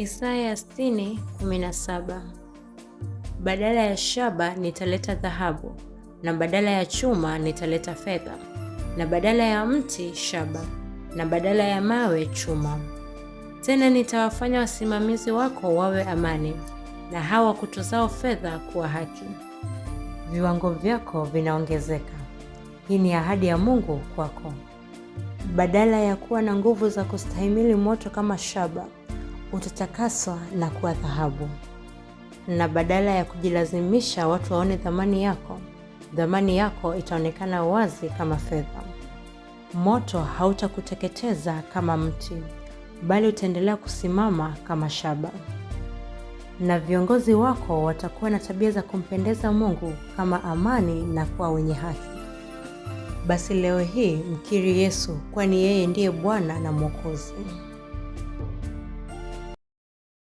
Isaya 60:17 badala ya shaba nitaleta dhahabu, na badala ya chuma nitaleta fedha, na badala ya mti shaba, na badala ya mawe chuma. Tena nitawafanya wasimamizi wako wawe amani, na hawa kutozao fedha kuwa haki. Viwango vyako vinaongezeka. Hii ni ahadi ya Mungu kwako. Badala ya kuwa na nguvu za kustahimili moto kama shaba utatakaswa na kuwa dhahabu, na badala ya kujilazimisha watu waone thamani yako, thamani yako itaonekana wazi kama fedha. Moto hautakuteketeza kama mti, bali utaendelea kusimama kama shaba, na viongozi wako watakuwa na tabia za kumpendeza Mungu kama amani na kuwa wenye haki. Basi leo hii mkiri Yesu, kwani yeye ndiye Bwana na Mwokozi.